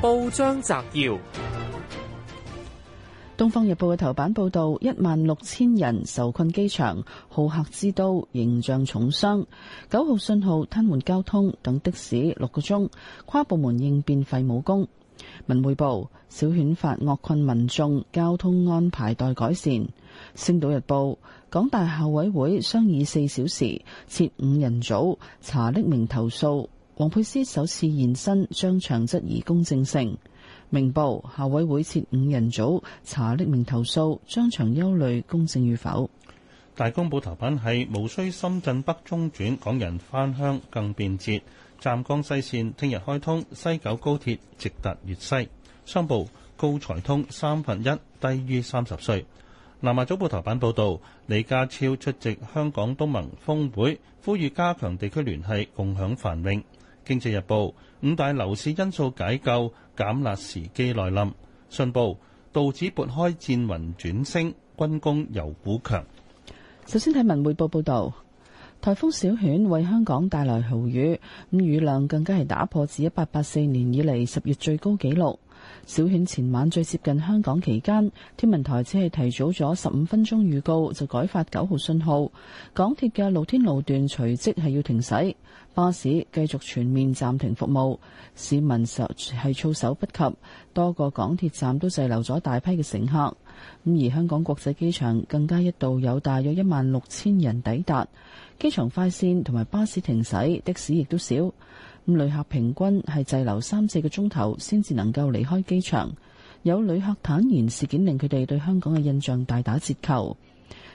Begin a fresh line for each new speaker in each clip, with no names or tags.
報章摘要：《東方日報》嘅頭版報道，一萬六千人受困機場，好客之都形象重傷；九號信號癱瘓交通，等的士六個鐘，跨部門應變廢武功。《文匯報》小犬發惡困民眾，交通安排待改善。《星島日報》港大校委會商議四小時設五人組查匿名投訴。王沛詩首次現身，張翔質疑公正性。明報校委會設五人組查匿名投訴，張翔憂慮公正與否。
大公報頭版係無需深圳北中轉，港人返鄉更便捷。湛江西線聽日開通，西九高鐵直達粵西。商報高才通三分一低於三十歲。南華早報頭版報導，李家超出席香港東盟峰會，呼籲加強地區聯繫，共享繁榮。經濟日報五大樓市因素解救，減辣時機來臨。信報，道指撥開戰雲轉升，軍工油股強。
首先睇文匯報報道，颱風小犬為香港帶來豪雨，雨量更加係打破自一八八四年以嚟十月最高紀錄。小犬前晚最接近香港期間，天文台只係提早咗十五分鐘預告就改發九號信號，港鐵嘅露天路段隨即係要停駛，巴士繼續全面暫停服務，市民實係措手不及，多個港鐵站都滯留咗大批嘅乘客。咁而香港國際機場更加一度有大約一萬六千人抵達，機場快線同埋巴士停駛，的士亦都少。咁旅客平均係滯留三四個鐘頭，先至能夠離開機場。有旅客坦言，事件令佢哋對香港嘅印象大打折扣。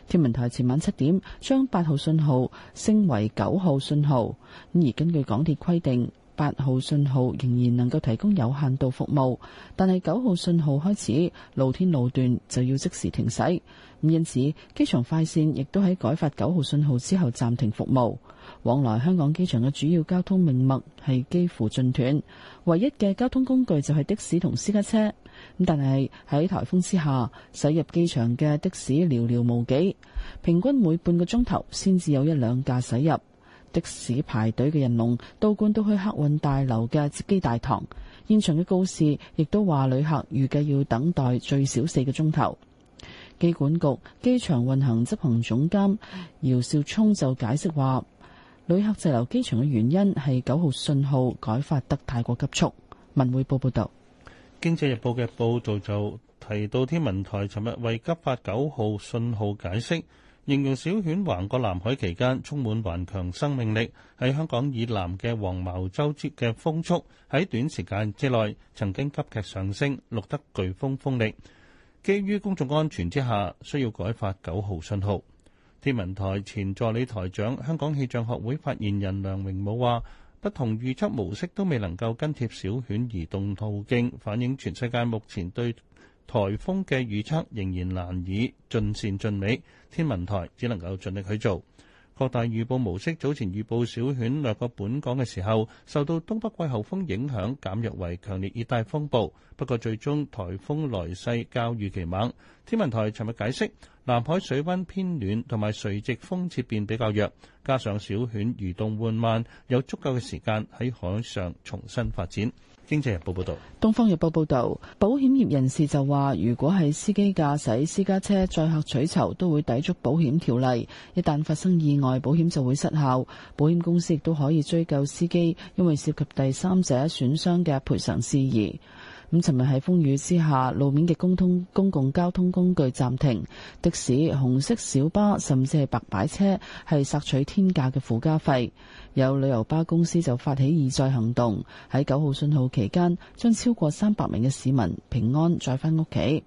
天文台前晚七點將八號信號升為九號信號，咁而根據港鐵規定。八號信號仍然能夠提供有限度服務，但係九號信號開始，露天路段就要即時停駛。因此，機場快線亦都喺改發九號信號之後暫停服務，往來香港機場嘅主要交通命脈係幾乎盡斷，唯一嘅交通工具就係的士同私家車。但係喺颱風之下，駛入機場嘅的、的士寥寥無幾，平均每半個鐘頭先至有一兩架駛入。的士排隊嘅人龍，倒灌到去客運大樓嘅接機大堂。現場嘅告示亦都話旅客預計要等待最少四個鐘頭。機管局機場運行執行總監姚少聰就解釋話，旅客滯留機場嘅原因係九號信號改發得太過急促。文匯報報道，
經濟日報嘅報道就提到天文台尋日為急發九號信號解釋。形容小犬橫過南海期間，充滿頑強生命力。喺香港以南嘅黃茅洲接嘅風速，喺短時間之內曾經急劇上升，錄得颶風風力。基於公眾安全之下，需要改發九號信號。天文台前助理台長、香港氣象學會發言人梁榮武話，不同預測模式都未能夠跟貼小犬移動途徑，反映全世界目前對颱風嘅預測仍然難以盡善盡美，天文台只能夠盡力去做。各大預報模式早前預報小犬掠過本港嘅時候，受到東北季候風影響減弱為強烈熱帶風暴，不過最終颱風來勢較預期猛。天文台尋日解釋，南海水溫偏暖同埋垂直風切變比較弱，加上小犬移動緩慢，有足夠嘅時間喺海上重新發展。經濟日報報道，
東方日報報道，保險業人士就話，如果係司機駕駛私家車載客取酬，都會抵觸保險條例。一旦發生意外，保險就會失效，保險公司亦都可以追究司機，因為涉及第三者損傷嘅賠償事宜。咁，尋日喺風雨之下，路面嘅公通公共交通工具暫停，的士、紅色小巴甚至係白牌車，係索取天價嘅附加費。有旅遊巴公司就發起義載行動，喺九號信號期間，將超過三百名嘅市民平安載返屋企。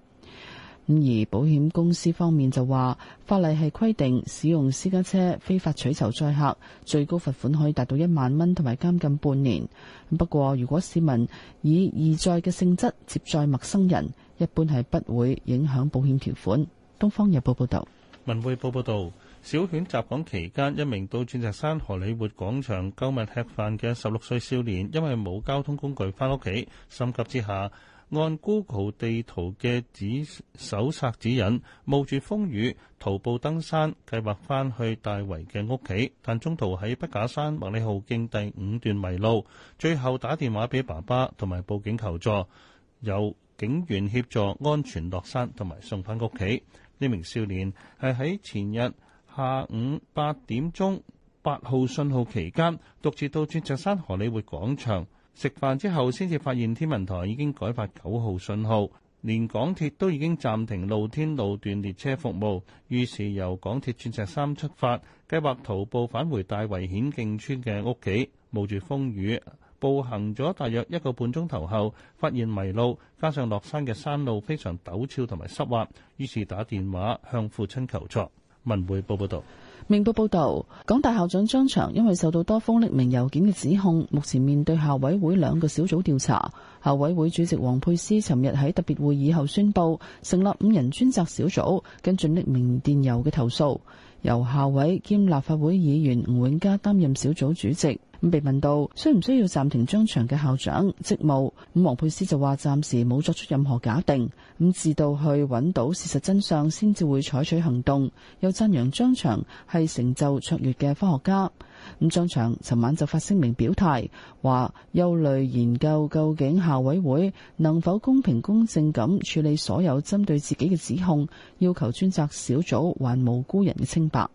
而保險公司方面就話，法例係規定使用私家車非法取酬載客，最高罰款可以達到一萬蚊，同埋監禁半年。不過，如果市民以義載嘅性質接載陌生人，一般係不會影響保險條款。《東方日報》報道，
《文匯報》報道，小犬襲港期間，一名到鑽石山荷里活廣場購物吃飯嘅十六歲少年，因為冇交通工具返屋企，心急之下，按 Google 地圖嘅指搜查指引，冒住風雨徒步登山，計劃翻去大圍嘅屋企，但中途喺畢架山麥理浩徑第五段迷路，最後打電話俾爸爸同埋報警求助，由警員協助安全落山同埋送返屋企。呢名少年係喺前日下午八點鐘八號信號期間，獨自到鑽石山荷里活廣場。食飯之後，先至發現天文台已經改發九號信號，連港鐵都已經暫停露天路段列車服務。於是由港鐵鑽石山出發，計劃徒步返回大圍顯徑村嘅屋企，冒住風雨步行咗大約一個半鐘頭後，發現迷路，加上落山嘅山路非常陡峭同埋濕滑，於是打電話向父親求助。文匯報報導。
明報報道，港大校長張翔因為受到多封匿名郵件嘅指控，目前面對校委會兩個小組調查。校委會主席王沛詩尋日喺特別會議後宣布，成立五人專責小組跟進匿名電郵嘅投訴，由校委兼立法會議員吳永嘉擔任小組主席。咁被問到需唔需要暫停張翔嘅校長職務，咁王沛詩就話暫時冇作出任何假定，咁直到去揾到事實真相先至會採取行動。又讚揚張翔係成就卓越嘅科學家。咁張翔尋晚就發聲明表態，話憂慮研究究竟校委會能否公平公正咁處理所有針對自己嘅指控，要求專責小組還無辜人嘅清白。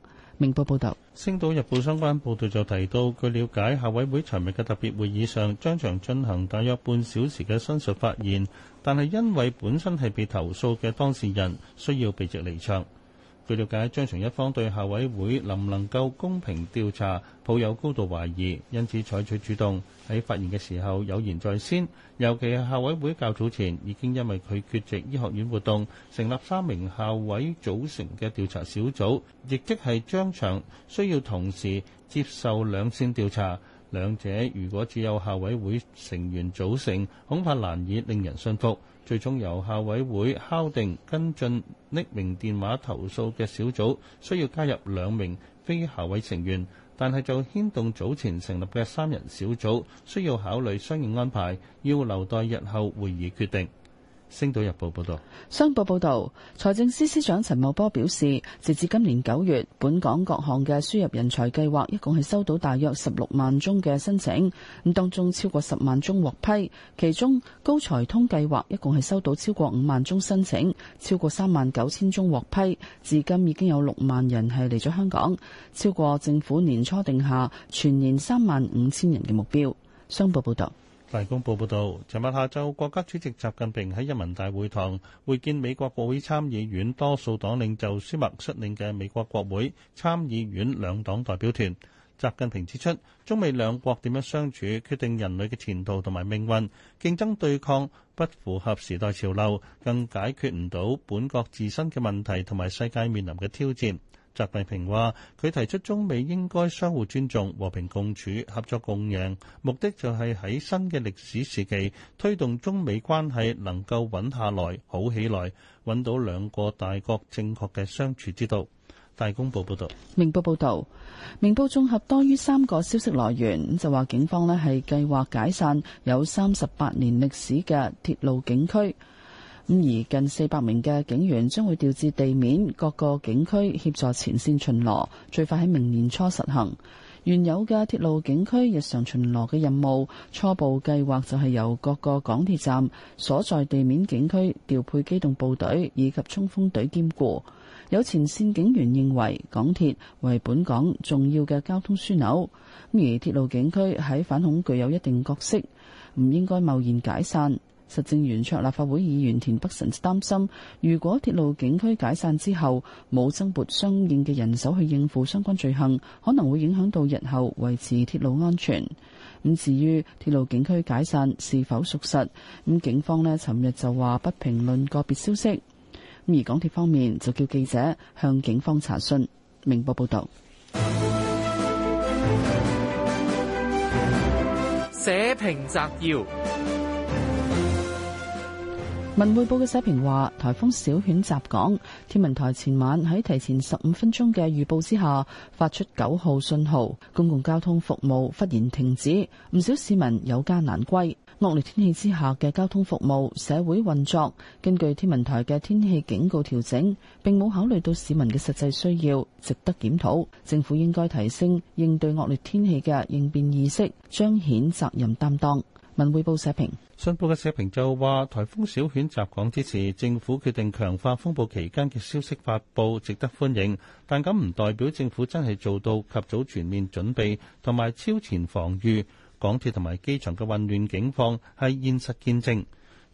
明報報導，
《星島日報》相關報導就提到，據了解，校委會尋日嘅特別會議上，張翔進行大約半小時嘅申述發言，但係因為本身係被投訴嘅當事人，需要避席離場。據了解，張翔一方對校委會能唔能夠公平調查抱有高度懷疑，因此採取主動喺發言嘅時候有言在先。尤其係校委會較早前已經因為佢缺席醫學院活動，成立三名校委組成嘅調查小組，亦即係張翔需要同時接受兩線調查，兩者如果只有校委會成員組成，恐怕難以令人信服。最終由校委會敲定跟進匿名電話投訴嘅小組需要加入兩名非校委成員，但係就牽動早前成立嘅三人小組，需要考慮相應安排，要留待日後會議決定。星島日報報道，
商報報道，財政司司長陳茂波表示，截至今年九月，本港各項嘅輸入人才計劃一共係收到大約十六萬宗嘅申請，咁當中超過十萬宗獲批，其中高才通計劃一共係收到超過五萬宗申請，超過三萬九千宗獲批，至今已經有六萬人係嚟咗香港，超過政府年初定下全年三萬五千人嘅目標。商報報道。大公報報道，
尋日下晝，國家主席習近平喺人民大會堂會見美國國會參議院多數黨領袖舒默率領嘅美國國會參議院兩黨代表團。習近平指出，中美兩國點樣相處，決定人類嘅前途同埋命運。競爭對抗不符合時代潮流，更解決唔到本國自身嘅問題同埋世界面臨嘅挑戰。習近平話：佢提出中美應該相互尊重、和平共處、合作共贏，目的就係喺新嘅歷史時期推動中美關係能夠穩下來、好起來，揾到兩個大國正確嘅相處之道。大公報報道，
明報報道，明報綜合多於三個消息來源，就話警方咧係計劃解散有三十八年歷史嘅鐵路警區。咁而近四百名嘅警員將會調至地面各個警區協助前線巡邏，最快喺明年初實行。原有嘅鐵路警區日常巡邏嘅任務，初步計劃就係由各個港鐵站所在地面警區調配機動部隊以及衝鋒隊兼顧。有前線警員認為，港鐵為本港重要嘅交通樞紐，而鐵路警區喺反恐具有一定角色，唔應該貿然解散。實政圓桌立法會議員田北辰擔心，如果鐵路警區解散之後冇增撥相應嘅人手去應付相關罪行，可能會影響到日後維持鐵路安全。咁至於鐵路警區解散是否屬實，咁警方呢尋日就話不評論個別消息。咁而港鐵方面就叫記者向警方查詢。明報報道，
社評摘要。
文匯報嘅社評話：颱風小犬襲港，天文台前晚喺提前十五分鐘嘅預報之下，發出九號信號，公共交通服務忽然停止，唔少市民有家難歸。惡劣天氣之下嘅交通服務、社會運作，根據天文台嘅天氣警告調整，並冇考慮到市民嘅實際需要，值得檢討。政府應該提升應對惡劣天氣嘅應變意識，彰顯責任擔當。文匯報社評：
信報嘅社評就話，颱風小犬襲港之時，政府決定強化風暴期間嘅消息發佈，值得歡迎。但咁唔代表政府真係做到及早全面準備同埋超前防禦。港鐵同埋機場嘅混亂情況係現實見證。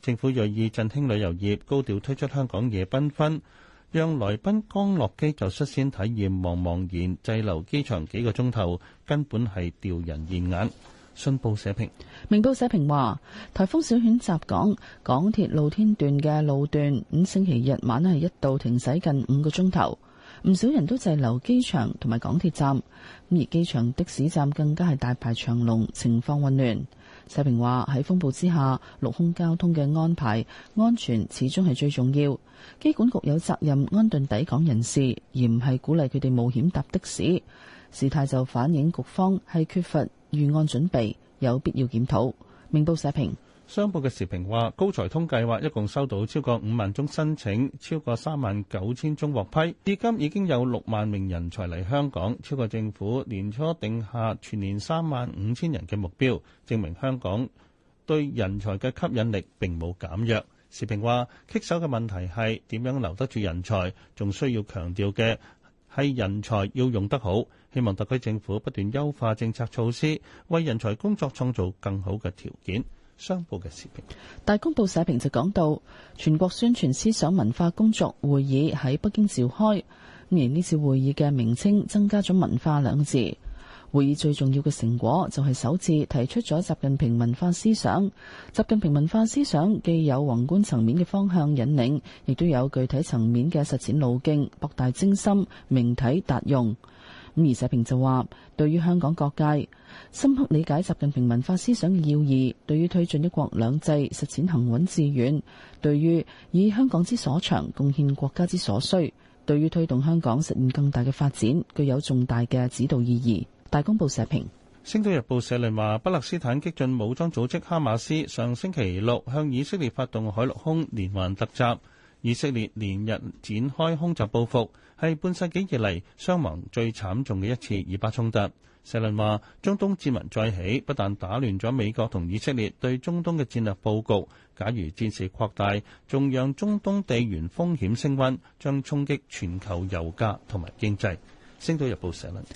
政府銳意振興旅遊業，高調推出香港夜繽紛，讓來賓剛落機就率先體驗茫茫然滯留機場幾個鐘頭，根本係丟人現
眼。信報社評，明報社評話，颱風小犬襲港，港鐵露天段嘅路段，五星期日晚係一度停駛近五個鐘頭，唔少人都滯留機場同埋港鐵站。咁而機場的士站更加係大排長龍，情況混亂。社評話喺風暴之下，陸空交通嘅安排安全始終係最重要。機管局有責任安頓抵港人士，而唔係鼓勵佢哋冒險搭的士。事態就反映局方係缺乏預案準備有必要檢討。明報社評，
商報嘅時評話，高才通計劃一共收到超過五萬宗申請，超過三萬九千宗獲批，至今已經有六萬名人才嚟香港，超過政府年初定下全年三萬五千人嘅目標，證明香港對人才嘅吸引力並冇減弱。時評話，棘手嘅問題係點樣留得住人才，仲需要強調嘅係人才要用得好，希望特區政府不斷優化政策措施，為人才工作創造更好嘅條件。商報嘅社評，
大公報社評就講到，全國宣傳思想文化工作會議喺北京召開，而呢次會議嘅名稱增加咗文化兩字。會議最重要嘅成果就係首次提出咗習近平文化思想。習近平文化思想既有宏觀層面嘅方向引領，亦都有具體層面嘅實踐路徑，博大精深，明體達用。咁，而習近平就話，對於香港各界深刻理解習近平文化思想嘅要義，對於推進一國兩制實踐行穩致遠，對於以香港之所長貢獻國家之所需，對於推動香港實現更大嘅發展，具有重大嘅指導意義。大公報社評，
《星島日報》社論話：巴勒斯坦激進武裝組織哈馬斯上星期六向以色列發動海陸空連環突襲，以色列連日展開空襲報復，係半世紀以嚟傷亡最慘重嘅一次以巴衝突。社論話：中東戰雲再起，不但打亂咗美國同以色列對中東嘅戰略佈局，假如戰事擴大，仲讓中東地緣風險升温，將衝擊全球油價同埋經濟。《星島日報》社論。